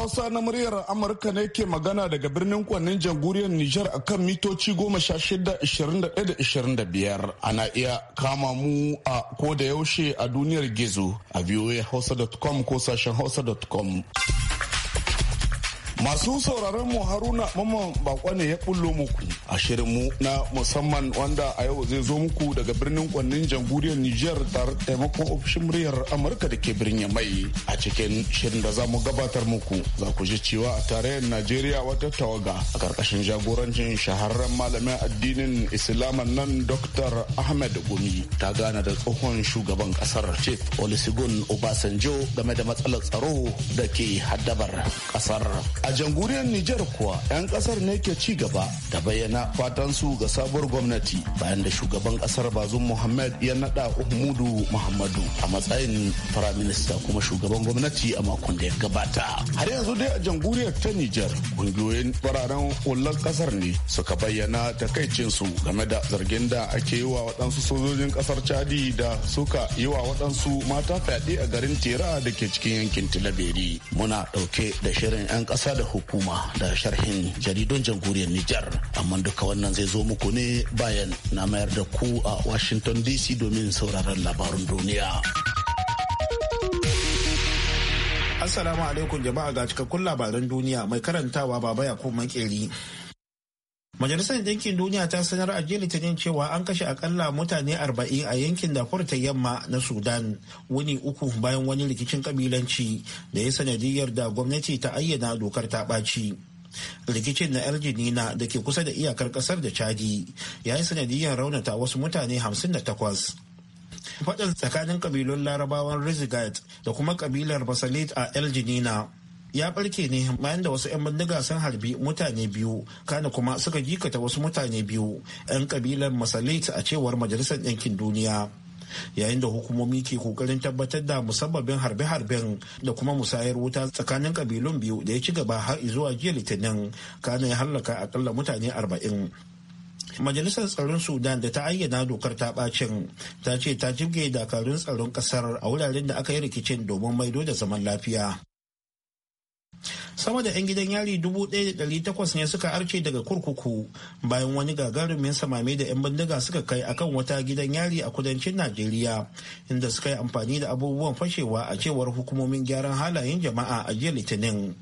Hausa na muryar Amurka ne ke magana daga birnin kwannin jamhuriyar Nijar a kan mitoci goma sha shida ishirin da da ishirin da biyar. Ana iya kama mu a ko da yaushe a duniyar gizo a voahausa.com ko sashen hausa.com. Masu sauraron mu Haruna Mamman Bakwa ne ya bullo muku a shirin mu na musamman wanda a yau zai zo muku daga birnin kwannin jamhuriyar Nijar tare taimakon ofishin muryar Amurka da ke birnin Mai a cikin shirin da za mu gabatar muku za ku ji cewa a tarayyar Najeriya wata tawaga a karkashin jagorancin shahararren malamin addinin Islama nan Dr. Ahmed Gumi ta gana da tsohon shugaban kasar Chief Olusegun Obasanjo game da matsalar tsaro da ke haddabar kasar. A jamhuriyar Nijar kuwa 'yan kasar ne ke ci gaba da bayyana fatan su ga sabuwar gwamnati bayan da shugaban kasar Bazum Muhammad ya nada umudu Muhammadu a matsayin firaminista kuma shugaban gwamnati a makon da ya gabata. Har yanzu dai a jamhuriyar ta Nijar kungiyoyin fararen hular kasar ne suka bayyana takaicin su game da zargin da ake yi wa waɗansu sojojin kasar Chadi da suka yi wa waɗansu mata fyaɗe a garin Tera da ke cikin yankin Tilaberi. Muna ɗauke da shirin 'yan ƙasa da hukuma da sharhin jaridun jamhuriyar Nijar. Amma duka wannan zai zo muku ne bayan na mayar da ku a Washington DC domin sauraron labarun duniya. Assalamu alaikum jama'a ga cikakkun labaran duniya mai karantawa baba ya makeri. Majalisar Dinkin Duniya ta sanar a jiya Litinin cewa an kashe akalla mutane 40 a yankin Darfur ta yamma na Sudan wuni uku bayan wani rikicin kabilanci da ya sanadiyar da gwamnati ta ayyana dokar ta ɓaci. Rikicin na Aljinina da ke kusa da iyakar ƙasar da Chadi ya yi sanadiyar raunata wasu mutane 58. faɗin tsakanin kabilun larabawan rizigat da kuma kabilar basalit a Aljinina ya barke ne bayan da wasu 'yan bindiga sun harbi mutane biyu kana kuma suka jikata wasu mutane biyu 'yan kabilan masalit a cewar majalisar yankin duniya yayin da hukumomi ke kokarin tabbatar da musabbabin harbe-harben da kuma musayar wuta tsakanin kabilun biyu da ya ci gaba har zuwa jiya litinin kana ya hallaka akalla mutane arba'in majalisar tsaron sudan da ta ayyana dokar ta bacin ta ce ta jibge dakarun tsaron kasar a wuraren da aka yi rikicin domin maido da zaman lafiya sama da 'yan gidan yari 1,800 ne suka arce daga kurkuku bayan wani gagarumin samame da 'yan bindiga suka kai akan wata gidan yari a kudancin najeriya inda suka yi amfani da abubuwan fashewa a cewar hukumomin gyaran halayen jama'a a jiya litinin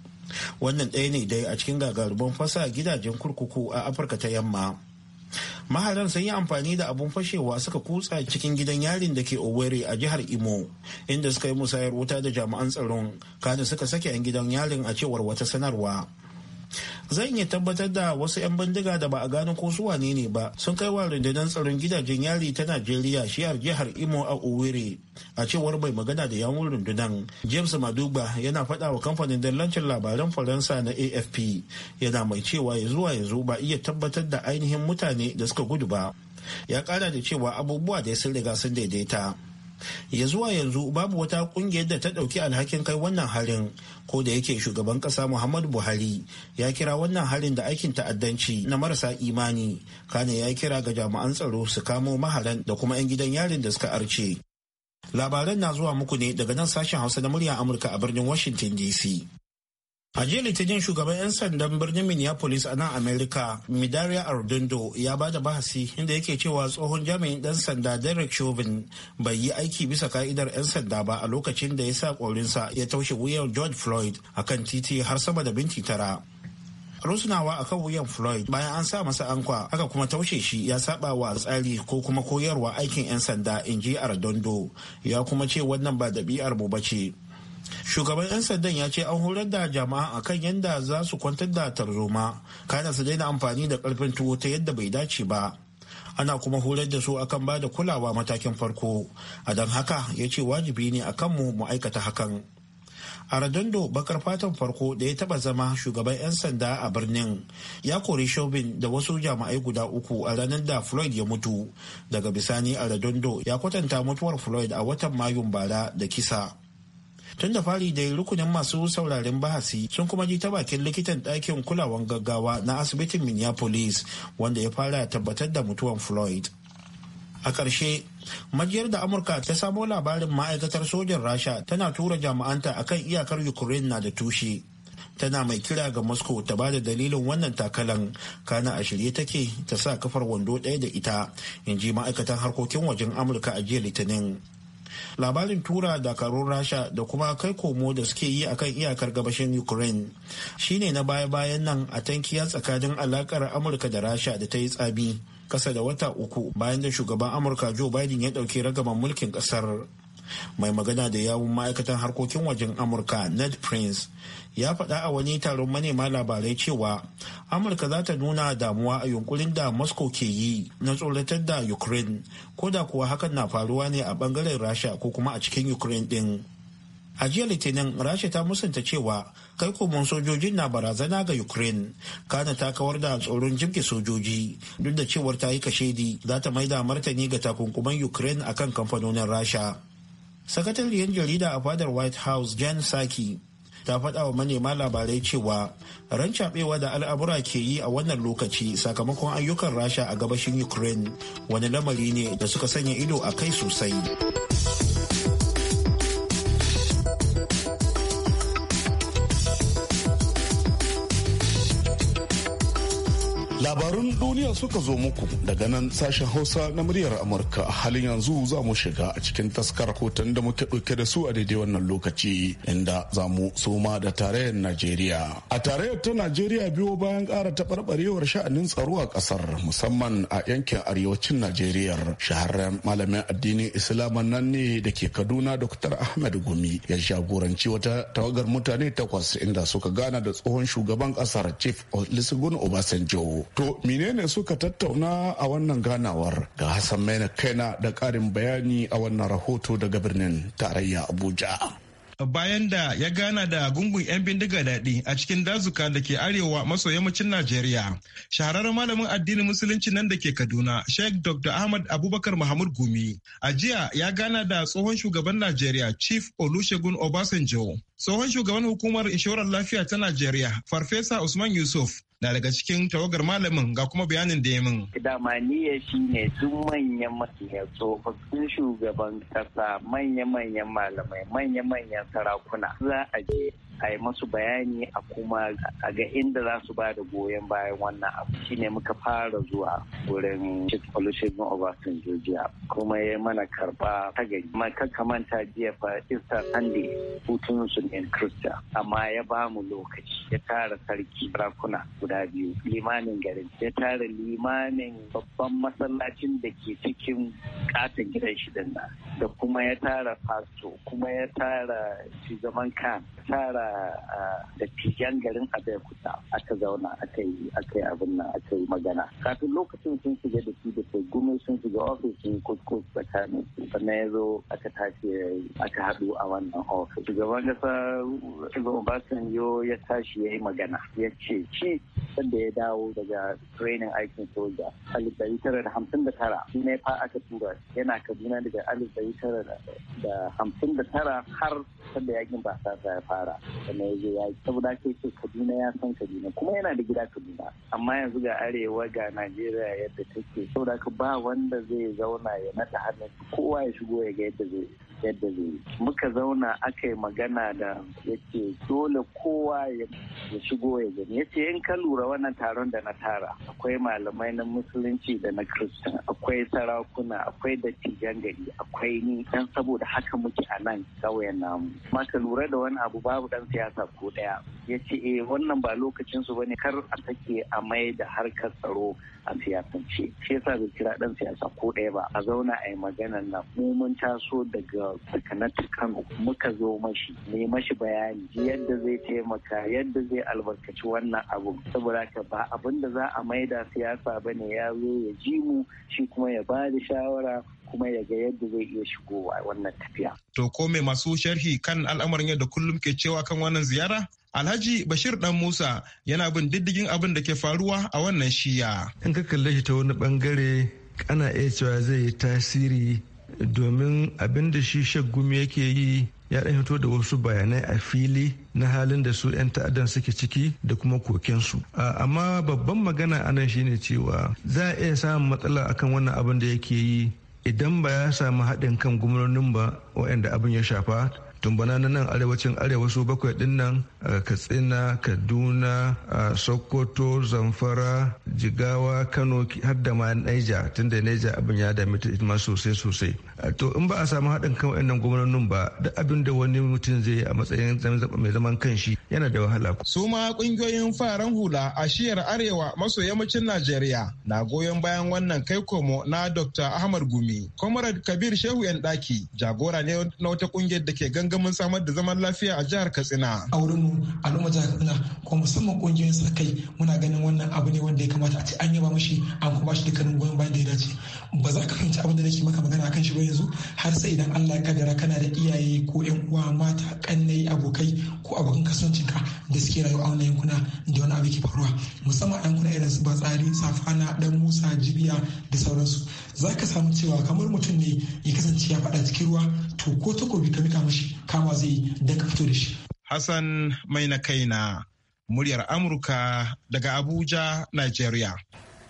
wannan ɗaya ne dai a cikin gagarumin fasa gidajen kurkuku a afirka ta yamma maharan sun yi amfani da abun fashewa suka kutsa cikin gidan yarin da ke owerri a jihar imo inda suka yi musayar wuta da jami'an tsaron kada suka sake 'yan gidan yarin a cewar wata sanarwa zan iya tabbatar da wasu 'yan bindiga da ba a gano ko su wane ne ba sun kai wa rundunar tsaron gidajen yari ta najeriya shiyar jihar imo a owerri a cewar mai magana da yawun rundunar james maduba yana faɗa wa kamfanin dallancin labaran faransa na afp yana mai cewa ya zuwa yanzu ba iya tabbatar da ainihin mutane da suka gudu ba ya ƙara da cewa abubuwa da sun riga sun daidaita ya zuwa yanzu babu wata kungiyar da ta ɗauki alhakin kai wannan harin ko da yake shugaban ƙasa muhammadu buhari ya kira wannan harin da aikin ta'addanci na marasa imani kane ya kira ga jami'an tsaro su kamo maharan da kuma 'yan gidan yarin da suka arce labaran na zuwa muku ne daga nan sashen hausa na murya amurka a birnin washington dc A jiya litinin shugaban 'yan sandan birnin Minneapolis a nan Amerika, Midaria Ardundo ya ba da bahasi inda yake cewa tsohon jami'in ɗan sanda Derek Chauvin bai yi aiki bisa ka'idar 'yan sanda ba a lokacin da ya sa ƙorinsa ya taushe wuyan George Floyd a kan titi har sama da binti tara. rusunawa a kan wuyan floyd bayan an sa masa ankwa haka kuma taushe shi ya saba wa tsari ko kuma koyarwa aikin 'yan sanda in ji ardundo ya kuma ce wannan ba dabi'ar mu ba ce. shugaban 'yan sandan ya ce an horar da jama'a akan yadda za su kwantar da tarzoma kana su daina amfani da karfin tuwo ta yadda bai dace ba ana kuma horar da su akan ba da kulawa matakin farko a don haka ya ce wajibi ne a kanmu mu aikata hakan a radondo bakar fatan farko da ya taba zama shugaban 'yan sanda a birnin ya kori shobin da wasu jama'ai guda uku a ranar da floyd ya mutu daga bisani a radondo ya kwatanta mutuwar floyd a watan mayun bara da kisa tun da fari dai rukunin masu sauraren bahasi sun kuma ji ta bakin likitan ɗakin kulawan gaggawa na asibitin minneapolis wanda ya fara tabbatar da mutuwan floyd a ƙarshe majiyar da amurka ta samo labarin ma'aikatar sojan rasha tana tura jami'anta kan iyakar ukraine na da tushe tana mai kira ga moscow ta ba da dalilin wannan takalan kana a shirye take ta sa kafar wando ɗaya da ita in ji ma'aikatan harkokin wajen amurka a jiya litinin labarin tura dakarun rasha da kuma kai komo da suke yi akan iyakar gabashin ukraine shine na baya-bayan nan a tankiya tsakanin alakar amurka da rasha da ta yi tsabi kasa da wata uku bayan da shugaban amurka joe biden ya dauki ragaban mulkin kasar mai magana da yawun ma'aikatan harkokin wajen amurka ned prince ya faɗa a wani taron manema labarai cewa amurka za ta nuna damuwa a yunkurin da moscow ke yi na tsoratar da ukraine ko da kuwa hakan na faruwa ne a bangaren rasha ko kuma a cikin ukraine din a jiya litinin rasha ta musanta cewa kai komon sojojin na barazana ga ukraine kana ta kawar da tsoron jibge sojoji duk da cewar ta yi kashedi za ta mai maida martani ga takunkuman ukraine akan kamfanonin rasha sakatariyar jarida a fadar white house jan saki ta faɗa wa manema labarai cewa rancaɓewa da al'abura ke yi a wannan lokaci sakamakon ayyukan rasha a gabashin ukraine wani lamari ne da suka sanya ido a kai sosai labarun duniya suka zo muku daga nan sashen hausa na muryar amurka halin yanzu za mu shiga a cikin taskar hoton da muke ɗauke da su a daidai wannan lokaci inda za mu soma da tarayyar najeriya a tarayyar ta najeriya biyo bayan ƙara taɓarɓarewar sha'anin tsaro a ƙasar musamman a yankin arewacin najeriya shaharren malamin addinin islaman nan ne da ke kaduna dr ahmed gumi ya jagoranci wata tawagar mutane takwas inda suka gana da tsohon shugaban ƙasar chief olusegun obasanjo To menene suka tattauna a wannan ganawar ga Hassan Maina kaina da ƙarin bayani a wannan rahoto daga birnin tarayya Abuja. bayan da ya gana da gungun 'yan bindiga daɗi a cikin dazuka da ke arewa maso yammacin Najeriya. Shahararren malamin addinin musulunci nan da ke Kaduna, Sheikh Dr. Ahmad Abubakar Mahmud Gumi. A jiya ya gana da tsohon shugaban Najeriya, Chief Olusegun Obasanjo. Tsohon shugaban hukumar inshorar lafiya ta Najeriya, Farfesa Usman Yusuf na daga cikin tawagar malamin ga kuma bayanin da ya min. Dama ya shi ne duk manyan manyan tsofaffin shugaban kasa manya-manyan malamai manya-manyan sarakuna za a je a yi masu bayani a kuma a ga inda za su ba da goyon bayan wannan abu shine muka fara zuwa wurin chief olusegun obasanjo jiya kuma ya mana karba ta gari ka manta jiya fa easter sunday hutun sun ne krista amma ya ba mu lokaci ya tara sarki rakuna guda biyu limamin garin ya tara limamin babban masallacin da ke cikin katin gidan shi da kuma ya tara fasto kuma ya tara zaman kan tara da tijan garin a aka zauna aka yi aka yi abin nan aka yi magana kafin lokacin sun shiga da shi da su gumi sun shiga ofis sun kuskus tsakanin sannan ya zo aka tashi aka haɗu a wannan ofis shugaban kasa Ibrahim yo ya tashi ya yi magana ya ce ci sanda ya dawo daga training aikin soja alif dari tara da hamsin da tara shi ne fa aka tura yana Kaduna daga alif dari tara da hamsin da tara har sanda yakin ba sa ya fara sanda ya je yaki saboda ake ce kaduna ya san kaduna kuma yana da gida kaduna amma yanzu ga arewa ga najeriya yadda take saboda ka ba wanda zai zauna ya nada hannun kowa ya shigo ya ga yadda zai yadda zai yi. muka zauna aka yi magana da yake dole kowa ya shigo ya gani yace in ka lura wannan taron da na tara akwai malamai na musulunci da na Kirista. akwai sarakuna akwai dattijan gari akwai ni dan saboda haka muke a nan kauyen namu maka lura da wani abu babu dan siyasa ko daya yace eh wannan ba lokacin su bane kar a take a mai da harkar tsaro a siyasance shi yasa bai kira dan siyasa ko ɗaya ba a zauna a yi maganar nan mu mun taso daga sakanatu kano muka zo mashi ne mashi bayani yadda zai taimaka yadda zai albarkaci wannan abu saboda ka ba abin da za a maida siyasa ba ne ya zo ya ji mu shi kuma ya ba da shawara kuma ya ga yadda zai iya shigowa wannan tafiya. To ko mai masu sharhi kan al'amarin yadda kullum ke cewa kan wannan ziyara? Alhaji Bashir Dan Musa yana bin diddigin abin da ke faruwa a wannan shiya. In ka kalle shi ta wani bangare ana iya cewa zai yi tasiri domin abin da shi shaggumi yake yi ya ɗan fito da wasu bayanai a fili na halin da su 'yan ta'addan suke ciki da kuma kokensu. Amma babban magana anan ne cewa za a iya samun matsala akan wannan abin da yake yi idan ba ya samu haɗin kan gwamnonin ba waɗanda abin ya shafa tumbana na nan arewacin arewa su bakwai dinnan katsina kaduna sokoto zamfara jigawa kano har da ma naija tunda naija abin ya dami ta sosai sosai to in ba a samu haɗin kan wa'annan gwamnonin ba duk abin da wani mutum zai a matsayin mai zaman kanshi yana da wahala. su ma ƙungiyoyin faran hula a shiyar arewa maso yammacin najeriya na goyon bayan wannan kai komo na dr ahmad gumi comrade kabir shehu yan ɗaki jagora ne na wata ƙungiyar da ke gangamin samar da zaman lafiya a jihar katsina. a wurin mu al'umma jihar katsina ko musamman ƙungiyoyin sa kai muna ganin wannan abu ne wanda ya kamata a ce an yaba mashi an kuma shi dukkanin goyon bayan da ya dace ba za ka fahimci abin da nake maka magana akan shi ba yanzu har sai idan Allah ya kana da iyaye ko yan uwa mata kannai abokai ko abokan kasuwancinka da suke rayuwa a wannan yankuna da wani abu ke faruwa musamman a kuna irin su ba tsari safana dan musa jibiya da sauransu za ka samu cewa kamar mutum ne ya kasance ya faɗa cikin ruwa to ko takobi ka mika mashi kama zai yi ka fito da shi. Hassan mai na kaina muryar Amurka daga Abuja, Nigeria.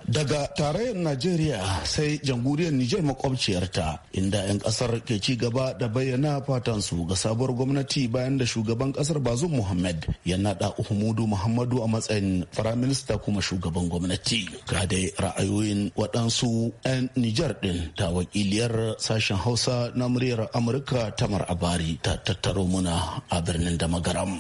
Daga tarayyar Najeriya sai jamhuriyar Nijar makwabciyarta inda 'yan kasar ke ci gaba da bayyana fatansu ga sabuwar gwamnati bayan da shugaban kasar Bazum Muhammad ya nada Uhumudu Muhammadu a matsayin firaminista kuma shugaban gwamnati. Ga dai ra'ayoyin waɗansu 'yan Nijar ɗin ta wakiliyar sashen Hausa na muryar Amurka Tamar Abari ta tattaro muna a birnin Damagaram.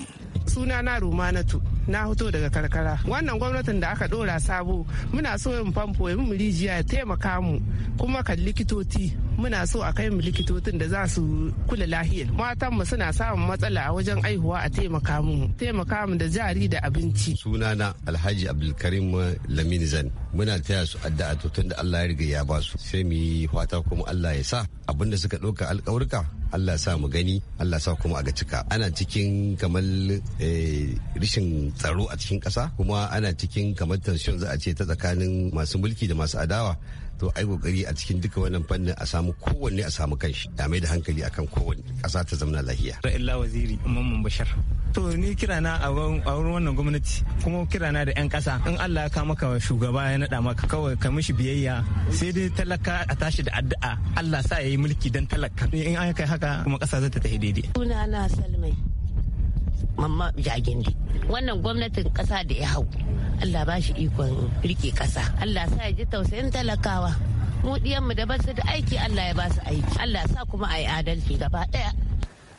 suna na rumanatu na hoto daga karkara wannan gwamnatin da aka dora sabo muna so yin famfo mu rijiya ya taimaka mu kuma kan likitoci muna so a kai mu likitocin da za su kula lahiyar matan mu suna samun matsala a wajen aihuwa a taimaka mu taimaka mu da jari da abinci sunana alhaji abdulkarim laminizan muna taya su addu'a to tunda Allah ya riga ya ba su sai mu yi fata kuma Allah ya sa abinda suka ɗauka alƙawurka Allah sa mu gani Allah sa kuma a ga cika ana cikin kamar eh, rishin tsaro a cikin kasa kuma ana cikin kamar tension za a ce ta tsakanin masu mulki da masu adawa to ai kokari a cikin duka wannan fannin a samu kowanne a samu kanshi da mai da hankali akan kowanne kasa ta zamana lahiya ra'illa waziri mamman bashar to ni kirana a wurin wannan gwamnati kuma kirana da 'yan kasa in Allah ya kama ka shugaba ya nada maka kawai ka mishi biyayya sai dai talaka a tashi da addu'a Allah sa yayi mulki dan talaka eh, in an kai haka kuma kasa za ta tafi daidai sunana salmai mamma jagindi wannan gwamnatin ƙasa da ya hau allah ba shi ikon rike ƙasa allah sa ya ji tausayin talakawa mu diyanmu da basu da aiki allah ya ba su aiki allah sa kuma a yi adalci gaba ɗaya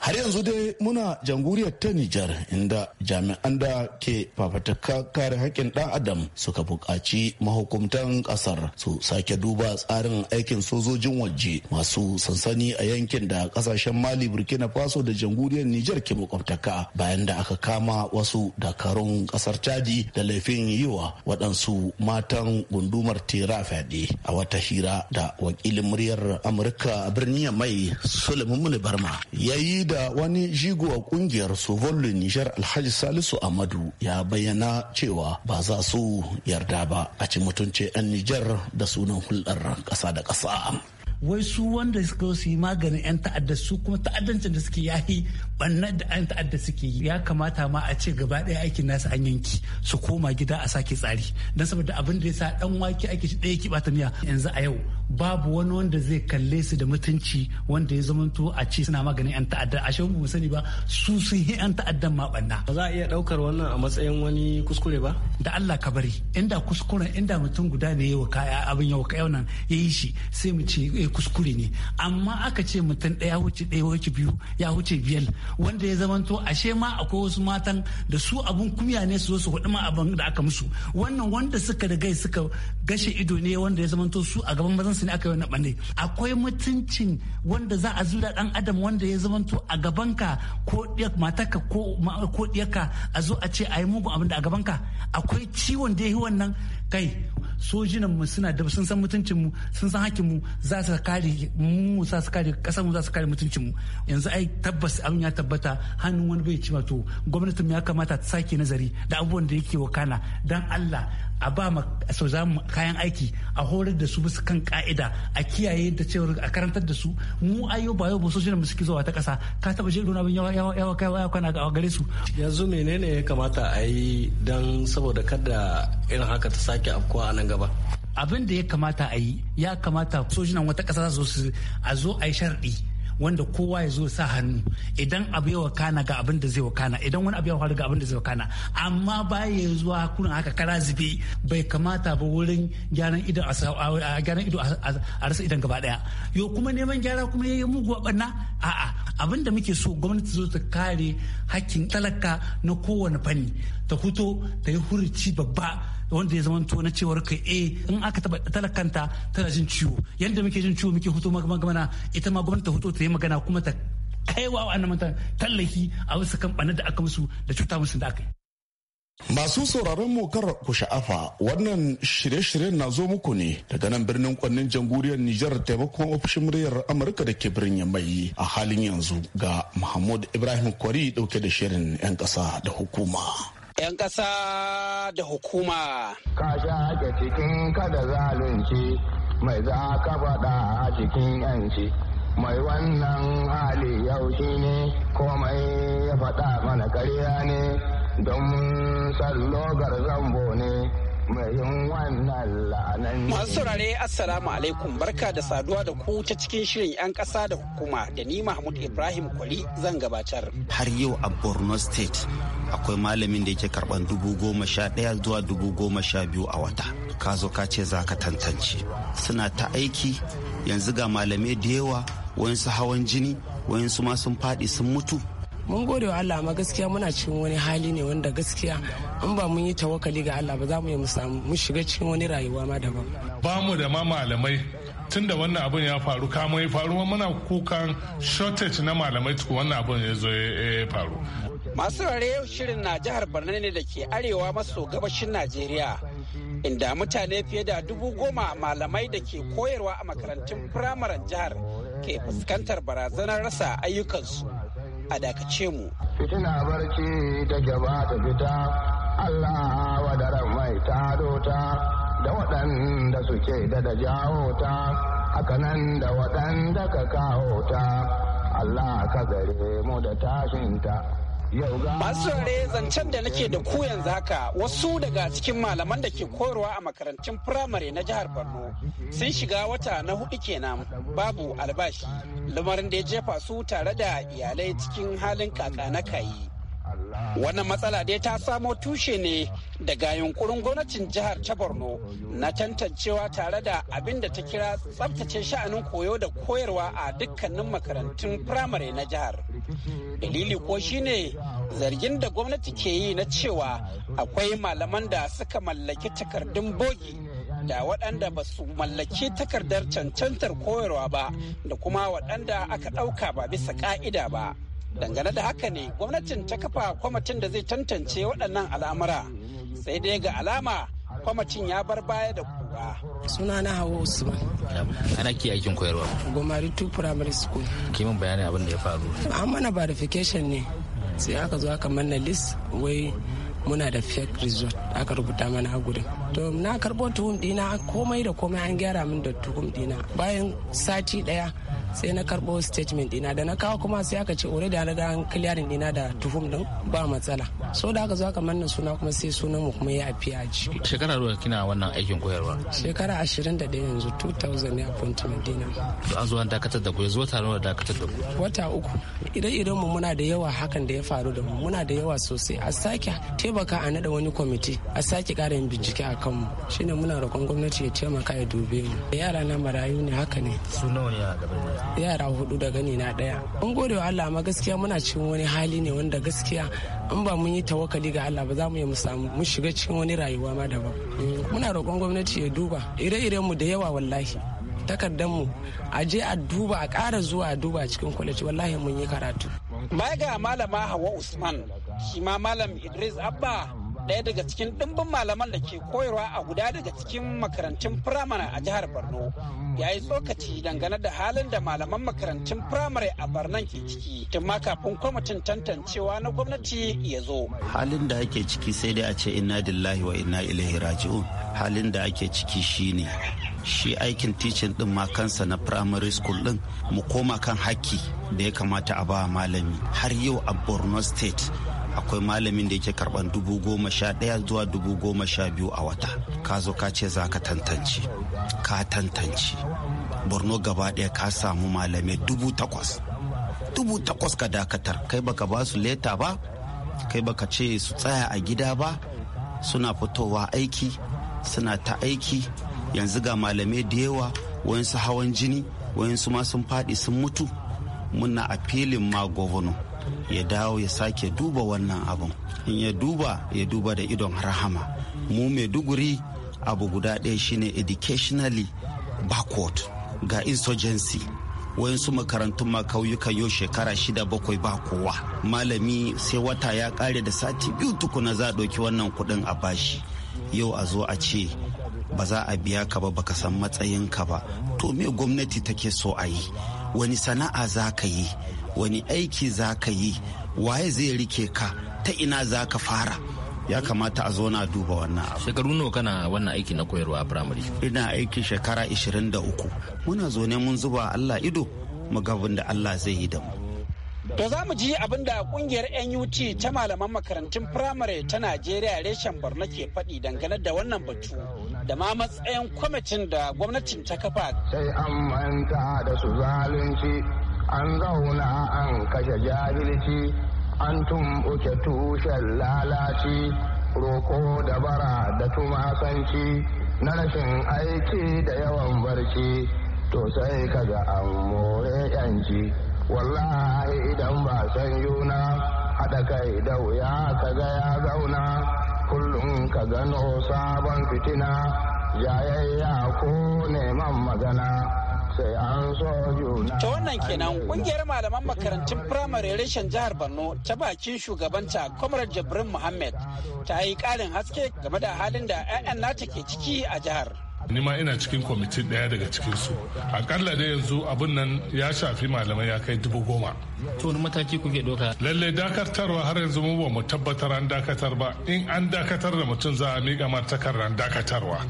har yanzu dai muna janguriyar ta nijar inda jami'an da ke fafataka kare haƙƙin ɗan adam suka buƙaci mahukuntan ƙasar su sake duba tsarin aikin sojojin waje masu sansani a yankin da ƙasashen mali burkina faso da janguriyar nijar ke makwabtaka bayan da aka kama wasu dakarun ƙasar chadi da laifin yiwa waɗansu matan gundumar tera fyaɗe a wata hira da wakilin muryar amurka a birnin mai sulemin barma ya yi da wani jigo a kungiyar su Nijar Alhaji Salisu Amadu ya bayyana cewa ba za su yarda ba a ci mutunce 'yan Nijar da sunan hulɗar ƙasa da ƙasa. wai su wanda suka su yi maganin 'yan ta'adda su kuma ta'addancin da suke yahi bannan da 'yan ta'adda suke yi ya kamata ma a ce gaba ɗaya aikin nasu an yanki su koma gida a sake tsari don saboda abin da ya sa dan wake ake ci ɗaya ki ta miya yanzu a yau babu wani wanda zai kalle su da mutunci wanda ya zamanto a ce suna maganin 'yan ta'adda a shan mu sani ba su sun yi 'yan ta'addan ma banna. ba za a iya ɗaukar wannan a matsayin wani kuskure ba. da Allah ka bari inda kuskuren inda mutum guda ne ya wa kaya abin ya yau nan ya yi shi sai mu ce eh, kuskure ne amma aka ce mutum ɗaya wuce ɗaya wuce biyu ya wuce biyar wanda ya zamanta ashe ma akwai wasu matan da su abun kumya ne su su hudu ma abin da aka musu wannan wanda suka riga suka gashe ido ne wanda ya to su a gaban mazan su ne aka yi wannan bane akwai mutuncin wanda za a zura dan adam wanda ya zamanto a gabanka ka ko mataka ko ko diyarka a zo a ce a yi mugun abin da a gaban akwai ciwon da yi wannan kai sojinan mu suna da sun san mutuncin mu sun san hakkin mu za su kare mu za su kare kasar mu za su kare mutuncin mu yanzu ai tabbas an ya tabbata hannun wani bai ci to gwamnatin ya kamata ta sake nazari da abubuwan da yake wakana dan Allah a ba ma mu kayan aiki a horar da su bisa kan ka'ida a kiyaye da cewar a karantar da su mu ayo ba yau ba sojojin mu suke zuwa ta kasa ka taba runa abin yawa yawa yawa kai yawa kana ga gare su yanzu menene ya kamata a yi dan saboda kada irin haka ta sake afkuwa a nan gaba abin da ya kamata a yi ya kamata sojinan wata kasa za su a zo a yi sharɗi wanda kowa ya zo sa hannu idan abu ya kana ga abin da zai wakana idan wani abu ya faru ga abin da zai wakana amma baya zuwa kuna haka kara zube bai kamata ba wurin gyaran ido a gyaran ido a rasa idan gaba daya yo kuma neman gyara kuma yayi mugu barna a'a abin da muke so gwamnati zo ta kare hakkin talaka na kowane fanni ta fito ta yi hurici babba wanda ya zamanto na cewar ka e eh, in aka taba talakanta tana jin ciwo yadda muke jin ciwo muke hutu magana ita ma gwamnati ta hutu ta yi magana kuma ta kaiwa wa annamanta tallafi a wasu kamfanin da aka musu da cuta musu da aka yi. Masu sauraron mu kar ku sha'afa wannan shirye-shiryen na zo muku ne daga nan birnin kwannin jamhuriyar Nijar taimakon ofishin muryar Amurka da ke birnin Yamai a halin yanzu ga Muhammad Ibrahim Kwari dauke da shirin 'yan ƙasa da hukuma. 'Yan ƙasa da hukuma. Ka sha ake cikin kada zalunci mai za ka faɗa a cikin 'yanci. Mai wannan hali yau shi ne komai ya faɗa mana karya ne don sallo zambo ne. Masu saurare Assalamu alaikum barka da saduwa da ku ta cikin shirin 'yan ƙasa da hukuma da ni Mahmud Ibrahim Kwari zan gabatar. Har yau a Borno State akwai malamin da yake karban dubu goma sha ɗaya zuwa dubu goma sha biyu a wata. Ka zo ka ce za ka tantance. Suna ta aiki yanzu ga malamai da yawa wayansu hawan jini wayansu ma sun faɗi sun mutu. mun gode wa Allah amma gaskiya muna cikin wani hali ne wanda gaskiya in ba mun yi tawakali ga Allah ba za mu yi musamu samu mu shiga cikin wani rayuwa ma daban ba mu da ma malamai tun da wannan abin ya faru kama ya faru muna kukan shortage na malamai tuku wannan abin ya zo ya faru masu rare shirin na jihar borno ne da ke arewa maso gabashin najeriya inda mutane fiye da dubu goma malamai da ke koyarwa a makarantun firamaren jihar ke fuskantar barazanar rasa ayyukansu a dakace mu. Fitina barci ta gaba ta fita, Allah wadaran mai ta dota da waɗanda suke da da jawo ta, nan da waɗanda ka kawo ta, Allah ka gare mu da tashinta. Masu zancen da nake da ku yanzu haka wasu daga cikin malaman da ke koyarwa a makarantun firamare na jihar Borno sun shiga wata na hudu kenan babu albashi lamarin da ya jefa su tare da iyalai cikin halin kaka na kayi. Wannan matsala dai ta samo tushe ne daga yunkurin gwamnatin jihar ta Borno na tantancewa tare da abin da ta kira tsabtace sha'anin koyo da koyarwa a dukkanin makarantun firamare na jihar. Dalili ko shine zargin da gwamnati ke yi na cewa akwai malaman da suka mallaki takardun bogi da waɗanda ba su mallaki takardar cancantar koyarwa ba da kuma waɗanda aka ɗauka ba bisa ƙa'ida ba. dangane da haka ne gwamnatin ta kafa kwamitin da zai tantance waɗannan al'amura sai dai ga alama kwamitin ya bar baya da kura suna na hawa usman ana ke aikin koyarwa gomari 2 primary school kimin bayanin abin da ya faru an mana verification ne sai aka zo aka manna list wai muna da fake resort aka rubuta mana a gurin to na karɓo tuhum dina komai da komai an gyara min da tuhum dina bayan sati daya sai na karɓo statement dina da na kawo kuma sai aka ce ore an riga an clearing dina da tuhum din ba matsala so da aka zo aka manna suna kuma sai sunan mu kuma ya afiya a jiki shekara ruwa kina wannan aikin koyarwa shekara 21 yanzu 2000 ne appointment dina an zo an dakatar da ku zo taron da dakatar da ku wata uku ire-iren mu muna da yawa hakan da ya faru da mu muna da yawa sosai a sake taimaka a naɗa wani kwamiti a sake ƙara yin bincike a kanmu shine muna roƙon gwamnati ya taimaka ya dube mu yara na marayu ne haka ne su nawa ne a gaban yara hudu da gani na ɗaya mun gode wa Allah amma gaskiya muna cikin wani hali ne wanda gaskiya in ba mun yi tawakali ga Allah ba za mu yi mu samu mu shiga cikin wani rayuwa ma daban mm, muna roƙon gwamnati ya duba ire-iren mu da yawa wallahi takardar mu a je a duba a ƙara zuwa a duba cikin kwalaci wallahi mun yi karatu. Baya ga malama Hawa Usman shi ma malam idris abba ɗaya daga cikin ɗimbin malaman da ke koyarwa a guda daga cikin makarantun firamare a jihar borno ya yi tsokaci dangane da halin da malaman makarantun firamare a barnan ke ciki tun ma kafin kwamitin tantancewa na gwamnati ya zo halin da ake ciki sai dai a ce inna dillahi wa inna ilaihi raji'un halin da ake ciki shine shi aikin teaching din ma kansa na primary school din mu koma kan hakki da ya kamata a ba malami har yau a borno state akwai malamin da yake karban dubu goma sha ɗaya zuwa dubu goma sha biyu a wata ka zo ka ce za ka tantance ka tantance borno gaba ɗaya ka samu malamai dubu takwas dubu takwas ka dakatar kai baka ba su leta ba kai baka ce su tsaya a gida ba suna fitowa aiki suna ta aiki yanzu ga malamai da yawa wayansu hawan jini wayansu ma sun faɗi sun mutu muna a filin ma gwamna ya dawo ya sake duba wannan abin in ya duba ya duba da idon rahama mu maiduguri abu guda ɗaya shine educationally backward ga insurgency wayansu makarantun ma kauyukan yau shekara shida bakwai ba kowa malami sai wata ya kare da sati biyu tukuna za a ɗauki wannan kuɗin a bashi yau a zo a ce ba za a biya ka ba baka san matsayinka ba to me gwamnati take so a yi wani sana'a za ka yi wani aiki za ka yi waye zai rike ka ta ina za ka fara ya kamata a zo duba wannan abu. Shekaru nawa kana wannan aiki na koyarwa a firamare? Ina aiki shekara 23. Muna zo ne mun zuba Allah ido mu ga da Allah zai yi da mu. To za mu ji abin da kungiyar NUT ta malaman makarantun firamare ta Najeriya reshen Borno ke faɗi dangane da wannan batu. da ma matsayin kwamitin da gwamnatin ta kafa. Sai an manta da su zalunci, an zauna an kashe jahilci, an tumɓuke tushen lalaci, roko da bara da tumasanci, na rashin aiki da yawan barci, to sai kaga an more yanci. Wallahi idan ba san yuna, haɗa kai da wuya kaga ya zauna. kullum ka gano sabon fitina yayayya ko neman magana sai an so juna. Ta wannan kenan kungiyar malaman makarantun firamare reshen jihar Borno ta bakin shugabanta Comrade Jibrin Muhammad ta yi ƙarin haske game da halin da 'ya'yan nata ke ciki a jihar. ni ma ina cikin kwamitin daya daga cikinsu su akalla da yanzu abun nan ya shafi malamai ya kai dubu goma to wani mataki kuke doka lalle dakatarwa har yanzu mu ba mu tabbatar an dakatar ba in an dakatar da mutum za a miƙa mar dakatarwa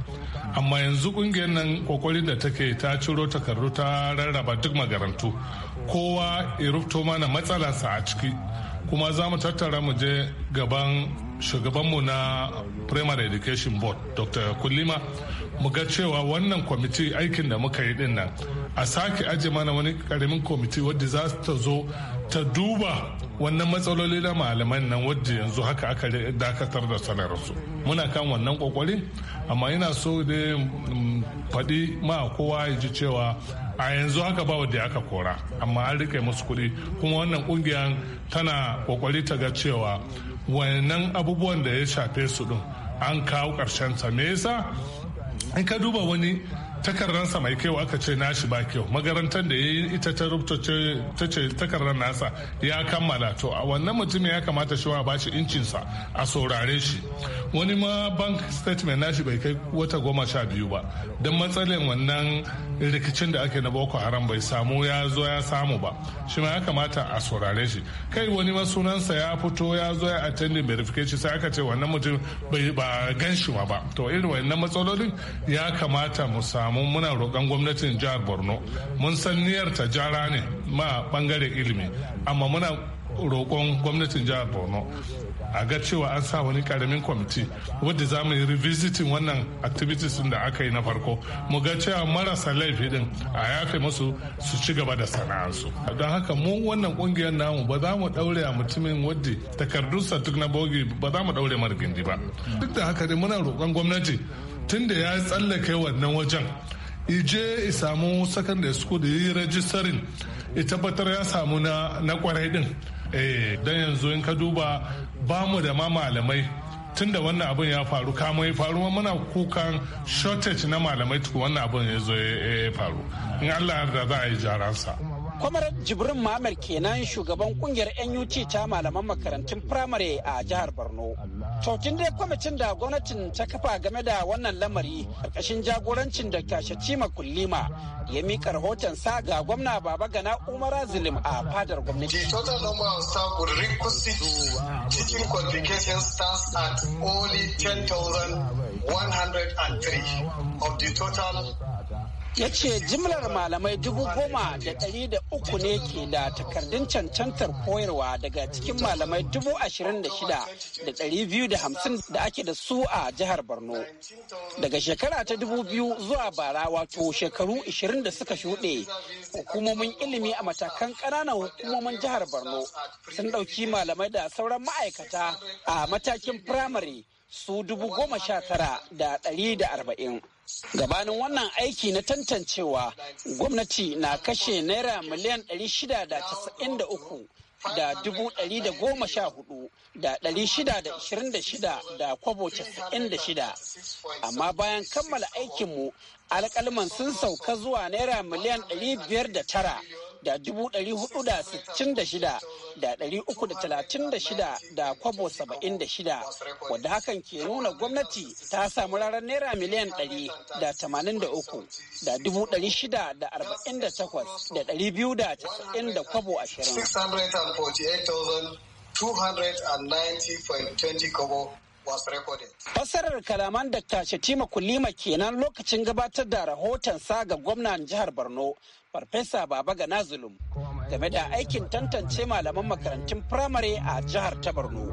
amma yanzu kungiyar nan kokarin da take ta ciro takardu ta rarraba duk magarantu kowa ya rufto mana matsalarsa a ciki kuma za mu tattara mu je gaban shugabanmu na primary education board dr kulima mu ga cewa wannan kwamiti aikin da muka yi din nan a sake aje mana wani karamin kwamiti wadda za ta zo ta duba wannan matsaloli na malaman nan wadda yanzu haka aka dakatar da sanararsu muna kan wannan kokwari amma ina so da faɗi ma kowa ya ji cewa a yanzu haka ba wadda aka kora amma an rike musu kuɗi kuma wannan ƙungiya tana kokwari ta ga cewa wannan abubuwan da ya shafe su ɗin an kawo ƙarshen sa me yasa in ka duba wani sa mai kyau aka ce nashi ba kyau magarantar da ya yi ita ta rubuta ta ce takarar nasa ya kammala to a wannan mutumin ya kamata shi ba shi incinsa a saurare shi wani ma bank statement nashi bai kai wata goma sha biyu ba don matsalin wannan rikicin da ake na boko haram bai samu ya zo ya samu ba shi ma ya kamata a saurare shi kai wani ma sunansa ya fito ya zo ya attending verification sai aka ce wannan mutum bai ba gan shi ma ba to irin wannan matsalolin ya kamata mu samu mun muna roƙon gwamnatin jihar borno mun san niyyar ta jara ne ma bangare ilimi amma muna roƙon gwamnatin jihar borno a ga cewa an sa wani karamin kwamiti wadda za mu yi revisitin wannan activities da aka yi na farko mu ga cewa marasa laifi din a yafe musu su ci gaba da sana'arsu don haka mu wannan kungiyar namu ba za mu daure a mutumin wadda takardunsa duk na bogi ba za mu daure margindi ba duk da haka dai muna roƙon gwamnati Tun da ya tsallake wannan wajen ije ya samu secondary school da yi rajistarin ya tabbatar ya samu na kwarai din eh, don yanzu in ka duba ba mu da ma malamai tun da wannan abin ya faru kama ya faru muna kukan shortage na malamai tuku wannan abin ya zo ya faru in allah yarda za a yi jaransa kwamar jibrin mamar kenan shugaban kungiyar nut ta malaman makarantun firamare a jihar borno tautin dai kwamitin da gwamnatin ta kafa game da wannan lamari karkashin jagorancin da shatima kullima ya mika rahoton sa ga gwamna baba gana umara zilim a fadar gwamnati teaching qualification stands at only 10,103 of the total ya ce jimlar malamai dubu goma da ɗari da uku ne ke da takardun cancantar koyarwa daga cikin malamai dubu ashirin da shida da ɗari biyu da hamsin da ake da su a jihar borno daga shekara ta dubu biyu zuwa bara wato shekaru ashirin da suka shuɗe hukumomin ilimi a matakan ƙananan hukumomin jihar borno sun ɗauki malamai da sauran ma'aikata a matakin firamare su dubu goma sha tara da ɗari da arba'in gabanin wannan aiki na tantancewa gwamnati na kashe naira miliyan 693 da dubu ɗari da goma sha hudu da ɗari shida da ishirin da shida da kwabo casa'in da shida amma bayan kammala aikinmu alƙalman sun sauka zuwa naira miliyan ɗari biyar da tara da dubu ɗari hudu da sittin da shida da ɗari uku da talatin da shida da kwabo saba'in da shida wadda hakan ke nuna gwamnati ta samu ranar naira miliyan ɗari da tamanin da uku da dubu ɗari shida da arba'in da takwas da ɗari biyu da casa'in da kwabo ashirin. Fasarar kalaman Dr. Shatima Kulima kenan lokacin gabatar da rahoton sa ga gwamnan jihar Borno Farfesa Baba Gana Zulum game da aikin tantance malaman makarantun firamare a jihar ta Borno.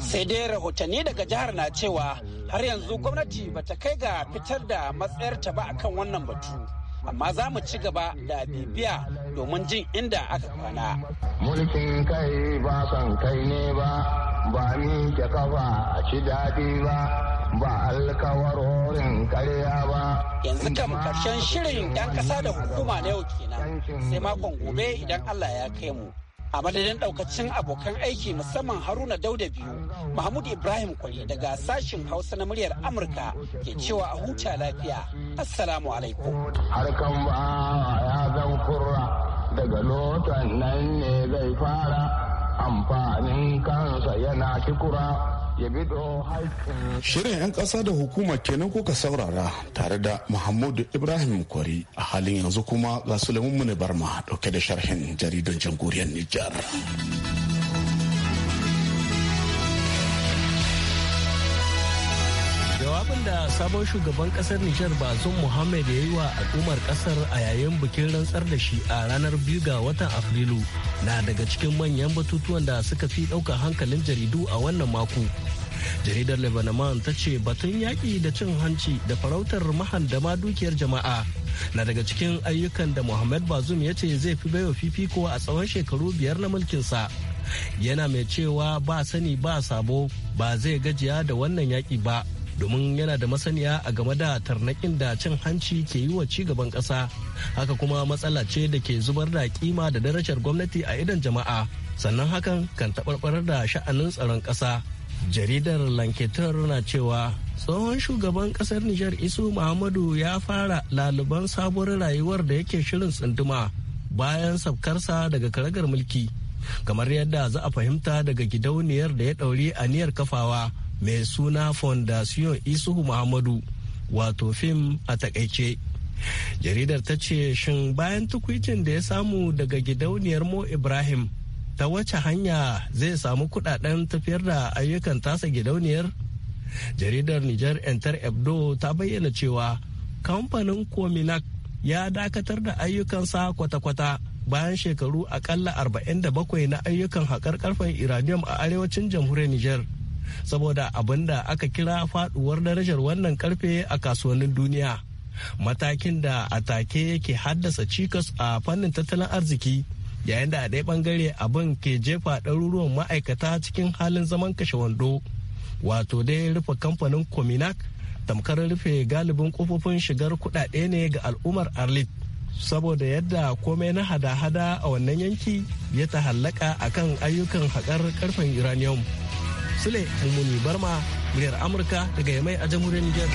Sai dai rahotanni daga jihar na cewa har yanzu gwamnati ba ta kai ga fitar da matsayarta ba akan wannan batu. Amma za mu ci gaba da bibiya domin jin inda aka kwana. Mulkin kai ba kan kai ne ba, ba ni kafa a ci daɗi ba. ba alkawarorin karya ba. Yanzu kam karshen shirin ɗan ƙasa da hukuma na yau kenan sai makon gobe idan Allah ya kai mu. A madadin ɗaukacin abokan aiki musamman Haruna Dauda biyu, Mahmud Ibrahim Kwari daga sashin Hausa na muryar Amurka ke cewa a huta lafiya. Assalamu alaikum. Harkan ba ya zan kurra daga lotan nan ne zai fara amfanin kansa yana kikura. Shirin 'yan ƙasa da hukuma kenan kuka saurara tare da Muhammadu Ibrahim Kwari a halin yanzu kuma ga Sulaiman Mune Barma ɗauke da sharhin jaridar jamhuriyar Nijar. Jawabin da sabon shugaban kasar Nijar Bazoum Mohammed ya yi wa al'ummar kasar a yayin bikin rantsar da shi a ranar biyu ga watan Afrilu na daga cikin manyan batutuwan da suka fi ɗaukar hankalin jaridu a wannan mako. jaridar lebanon ta ce batun yaƙi da cin hanci da farautar mahandama dukiyar jama'a na daga cikin ayyukan da muhammad bazum ya ce zai fi baiwa fifiko a tsawon shekaru biyar na mulkinsa yana mai cewa ba sani ba sabo ba zai gajiya da wannan yaƙi ba domin yana da masaniya a game da tarnakin da cin hanci ke yi wa ci gaban ƙasa haka kuma matsala ce da ke zubar da kima da darajar gwamnati a idan jama'a sannan hakan kan taɓarɓarar da sha'anin tsaron ƙasa jaridar lanketar na cewa tsohon shugaban ƙasar nijar isu muhammadu ya fara laluban sabuwar rayuwar da yake shirin tsunduma bayan sabkarsa daga karagar mulki kamar yadda za a fahimta daga gidauniyar da ya ɗauri aniyar kafawa mai suna fondasiyon isuhu muhammadu wato fim a takaice jaridar ta ce shin bayan tukwicin da ya samu daga gidauniyar mo ibrahim ta wace hanya zai samu kudaden tafiyar da ayyukan tasa gidauniyar jaridar niger enter ebdo ta bayyana cewa kamfanin kominak ya dakatar da ayyukansa kwata-kwata bayan shekaru akalla 47 na ayyukan haƙar karfen iranium a arewacin jamhuriyar niger saboda abin da aka kira faduwar darajar wannan karfe a kasuwannin duniya matakin da a take yake haddasa cikas a fannin tattalin arziki yayin da a ɗaya ɓangare abin ke jefa ɗaruruwan ma'aikata cikin halin zaman kashe wando wato dai rufe kamfanin Kominak tamkar rufe galibin kofofin shigar kuɗaɗe ne ga al'ummar arlit saboda yadda komai na hada-hada a wannan yanki ya tahallaka akan ayyukan haƙar karfen uranium Sule Mummuni Barma, muryar Amurka daga Yamai a jamhuriyar Nijar.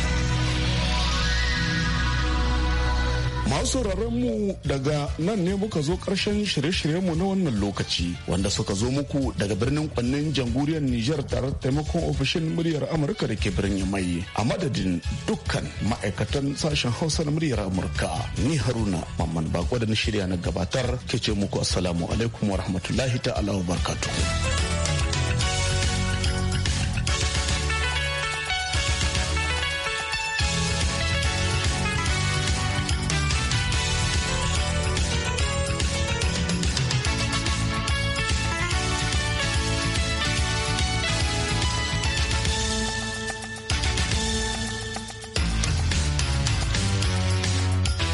Masu mu daga nan ne muka zo ƙarshen shirye-shiryenmu na wannan lokaci wanda suka zo muku daga birnin kwannin jamhuriyar Nijar tare taimakon ofishin muryar Amurka da ke birnin mai a madadin dukkan ma'aikatan sashen Hausa na muryar Amurka. Ni Haruna Mamman Bako da na shirya na gabatar ke ce muku assalamu alaikum wa rahmatullahi ta'ala wa barkatu.